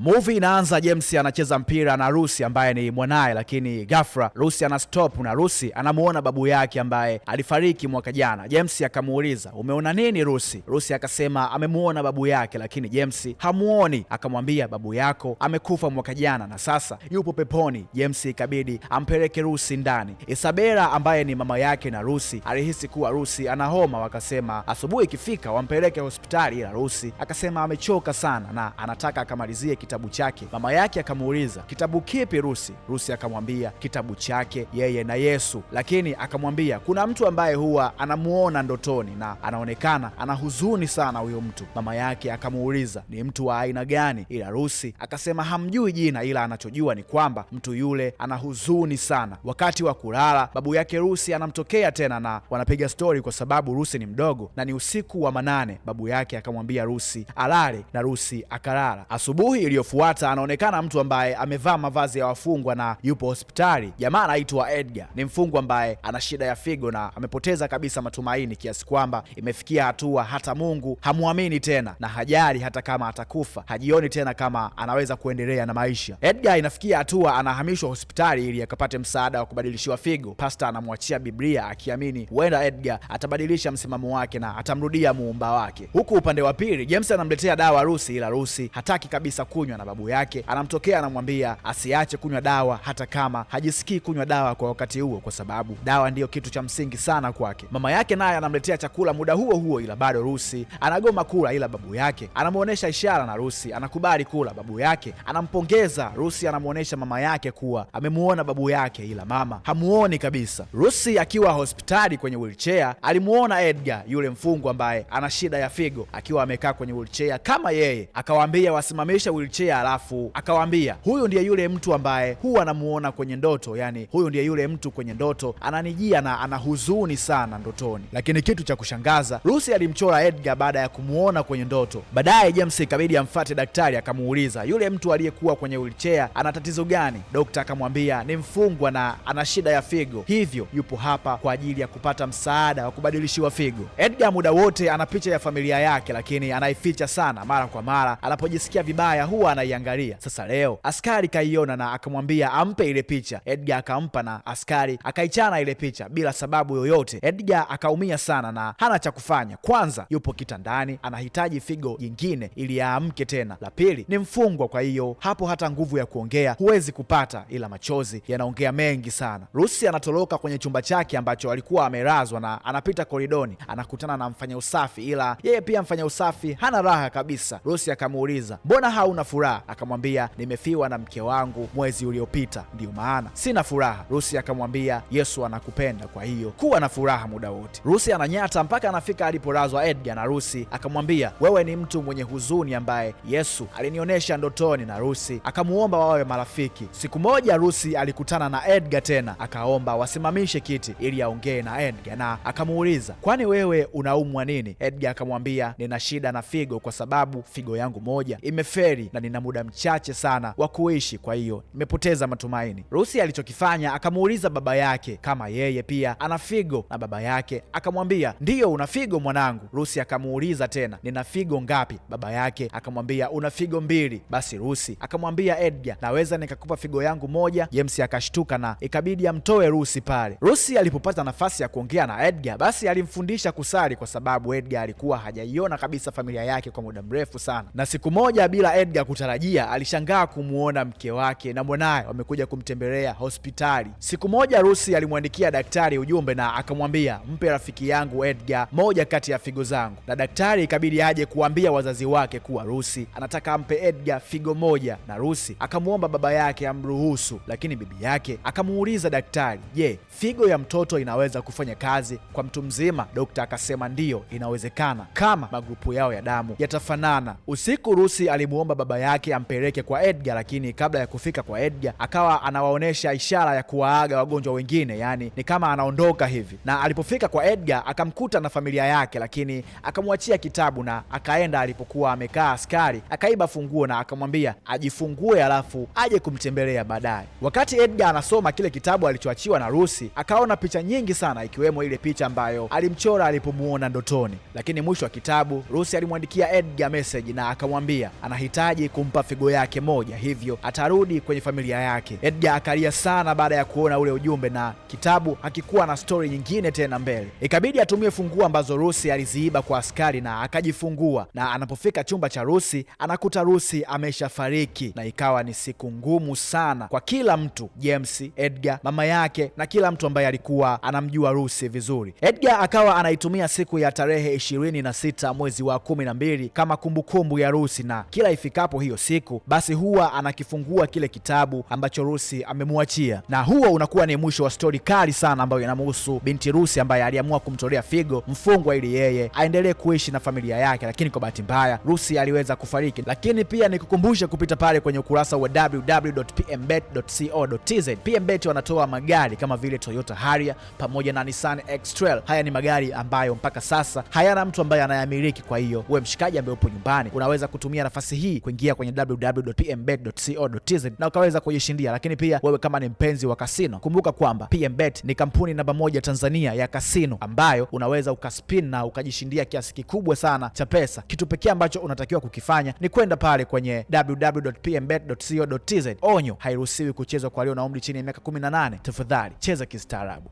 Movie inaanza, James anacheza mpira na Rusi ambaye ni mwanaye, lakini ghafla Rusi ana stop na Rusi anamuona babu yake ambaye alifariki mwaka jana. James akamuuliza umeona nini Rusi? Rusi akasema amemuona babu yake, lakini James hamuoni. Akamwambia babu yako amekufa mwaka jana na sasa yupo peponi. James ikabidi ampeleke Rusi ndani. Isabela ambaye ni mama yake na Rusi alihisi kuwa Rusi ana homa, wakasema asubuhi ikifika wampeleke hospitali, ila Rusi akasema amechoka sana na anataka akamalizie kitabu chake. Mama yake akamuuliza kitabu kipi Rusi? Rusi akamwambia kitabu chake yeye na Yesu, lakini akamwambia kuna mtu ambaye huwa anamuona ndotoni na anaonekana ana huzuni sana huyo mtu. Mama yake akamuuliza ni mtu wa aina gani, ila Rusi akasema hamjui jina, ila anachojua ni kwamba mtu yule ana huzuni sana. Wakati wa kulala, babu yake Rusi anamtokea tena na wanapiga stori, kwa sababu Rusi ni mdogo na ni usiku wa manane. Babu yake akamwambia Rusi alale na Rusi akalala. Asubuhi iliyofuata anaonekana mtu ambaye amevaa mavazi ya wafungwa na yupo hospitali. Jamaa anaitwa Edgar, ni mfungwa ambaye ana shida ya figo na amepoteza kabisa matumaini kiasi kwamba imefikia hatua hata Mungu hamwamini tena na hajali hata kama atakufa, hajioni tena kama anaweza kuendelea na maisha. Edgar inafikia hatua anahamishwa hospitali ili akapate msaada wa kubadilishiwa figo. Pasta anamwachia Biblia akiamini huenda Edgar atabadilisha msimamo wake na atamrudia muumba wake. Huku upande wa pili, James anamletea dawa Rusi, ila Rusi hataki kabisa ku kunywa na babu yake anamtokea, anamwambia asiache kunywa dawa, hata kama hajisikii kunywa dawa kwa wakati huo, kwa sababu dawa ndiyo kitu cha msingi sana kwake. Mama yake naye anamletea chakula muda huo huo, ila bado Rusi anagoma kula, ila babu yake anamwonyesha ishara na Rusi anakubali kula. Babu yake anampongeza Rusi, anamwonyesha mama yake kuwa amemuona babu yake, ila mama hamuoni kabisa. Rusi akiwa hospitali kwenye wheelchair alimuona Edgar, yule mfungwa ambaye ana shida ya figo, akiwa amekaa kwenye wheelchair kama yeye, akawaambia wasimamishe wheelchair wheelchair, alafu akawambia huyu ndiye yule mtu ambaye huwa anamuona kwenye ndoto, yani huyu ndiye yule mtu kwenye ndoto ananijia na ana huzuni sana ndotoni. Lakini kitu cha kushangaza, Lucy alimchora Edgar baada ya kumuona kwenye ndoto. Baadaye James ikabidi amfuate daktari, akamuuliza yule mtu aliyekuwa kwenye wheelchair ana tatizo gani? Dokta akamwambia ni mfungwa na ana shida ya figo, hivyo yupo hapa kwa ajili ya kupata msaada wa kubadilishiwa figo. Edgar muda wote ana picha ya familia yake, lakini anaificha sana, mara kwa mara anapojisikia vibaya alikuwa anaiangalia. Sasa leo askari kaiona na akamwambia ampe ile picha. Edgar akampa na askari akaichana ile picha bila sababu yoyote. Edgar akaumia sana na hana cha kufanya. Kwanza yupo kitandani, anahitaji figo jingine ili aamke tena. La pili ni mfungwa, kwa hiyo hapo hata nguvu ya kuongea huwezi kupata, ila machozi yanaongea mengi sana. Rusi anatoroka kwenye chumba chake ambacho alikuwa amelazwa na anapita koridoni, anakutana na mfanya usafi, ila yeye pia mfanya usafi hana raha kabisa. Rusi akamuuliza mbona hauna furaha. Akamwambia, nimefiwa na mke wangu mwezi uliopita, ndiyo maana sina furaha. Rusi akamwambia, Yesu anakupenda, kwa hiyo kuwa na furaha muda wote. Rusi ananyata mpaka anafika alipolazwa Edgar, na Rusi akamwambia, wewe ni mtu mwenye huzuni ambaye Yesu alinionyesha ndotoni, na Rusi akamuomba wawe marafiki. Siku moja Rusi alikutana na Edgar tena, akaomba wasimamishe kiti ili aongee na Edgar, na akamuuliza, kwani wewe unaumwa nini? Edgar akamwambia, nina shida na figo kwa sababu figo yangu moja imeferi na nina muda mchache sana wa kuishi, kwa hiyo nimepoteza matumaini. Rusi alichokifanya akamuuliza baba yake kama yeye pia ana figo, na baba yake akamwambia ndiyo, una figo mwanangu. Rusi akamuuliza tena, nina figo ngapi? Baba yake akamwambia una figo mbili. Basi Rusi akamwambia Edgar, naweza nikakupa figo yangu moja. James akashtuka na ikabidi amtoe Rusi pale. Rusi alipopata nafasi ya kuongea na Edgar, basi alimfundisha kusali, kwa sababu Edgar alikuwa hajaiona kabisa familia yake kwa muda mrefu sana, na siku moja bila Edgar kutarajia, alishangaa kumwona mke wake na mwanaye wamekuja kumtembelea hospitali. Siku moja Rusi alimwandikia daktari ujumbe na akamwambia, mpe rafiki yangu Edgar moja kati ya figo zangu, na daktari ikabidi aje kuambia wazazi wake kuwa Rusi anataka ampe Edgar figo moja, na Rusi akamwomba baba yake amruhusu, lakini bibi yake akamuuliza daktari, je, figo ya mtoto inaweza kufanya kazi kwa mtu mzima? Dokta akasema ndiyo, inawezekana kama magrupu yao ya damu yatafanana. Usiku Rusi alimwomba baba yake ampeleke kwa Edgar, lakini kabla ya kufika kwa Edgar akawa anawaonyesha ishara ya kuwaaga wagonjwa wengine, yani ni kama anaondoka hivi. Na alipofika kwa Edgar akamkuta na familia yake, lakini akamwachia kitabu na akaenda alipokuwa amekaa askari, akaiba funguo na akamwambia ajifungue, alafu aje kumtembelea baadaye. Wakati Edgar anasoma kile kitabu alichoachiwa na Rusi, akaona picha nyingi sana, ikiwemo ile picha ambayo alimchora alipomuona ndotoni. Lakini mwisho wa kitabu Rusi alimwandikia Edgar message na akamwambia anahitaji ili kumpa figo yake moja, hivyo atarudi kwenye familia yake. Edgar akalia sana baada ya kuona ule ujumbe, na kitabu hakikuwa na stori nyingine tena mbele. Ikabidi atumie funguo ambazo Rusi aliziiba kwa askari na akajifungua, na anapofika chumba cha Rusi anakuta Rusi ameshafariki, na ikawa ni siku ngumu sana kwa kila mtu, James, Edgar, mama yake na kila mtu ambaye alikuwa anamjua Rusi vizuri. Edgar akawa anaitumia siku ya tarehe ishirini na sita mwezi wa kumi na mbili kama kumbukumbu ya Rusi na kila ifikapo ifikapo hiyo siku, basi huwa anakifungua kile kitabu ambacho Rusi amemwachia, na huo unakuwa ni mwisho wa stori kali sana ambayo inamhusu binti Rusi ambaye aliamua kumtolea figo mfungwa ili yeye aendelee kuishi na familia yake, lakini kwa bahati mbaya Rusi aliweza kufariki. Lakini pia nikukumbushe kupita pale kwenye ukurasa wa www.pmbet.co.tz. PMBet wanatoa magari kama vile Toyota Harrier pamoja na Nissan X-Trail. Haya ni magari ambayo mpaka sasa hayana mtu ambaye anayamiliki. Kwa hiyo wewe mshikaji ambaye upo nyumbani, unaweza kutumia nafasi hii ingia kwenye www.pmbet.co.tz na ukaweza kujishindia. Lakini pia wewe kama ni mpenzi wa kasino, kumbuka kwamba PMBet ni kampuni namba moja Tanzania ya kasino ambayo unaweza ukaspin na ukajishindia kiasi kikubwa sana cha pesa. Kitu pekee ambacho unatakiwa kukifanya ni kwenda pale kwenye www.pmbet.co.tz. Onyo, hairuhusiwi kuchezwa kwa walio na umri chini ya miaka 18. Tafadhali cheza kistaarabu.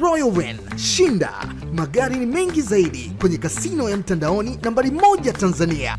Royal Win shinda magari ni mengi zaidi kwenye kasino ya mtandaoni nambari moja Tanzania.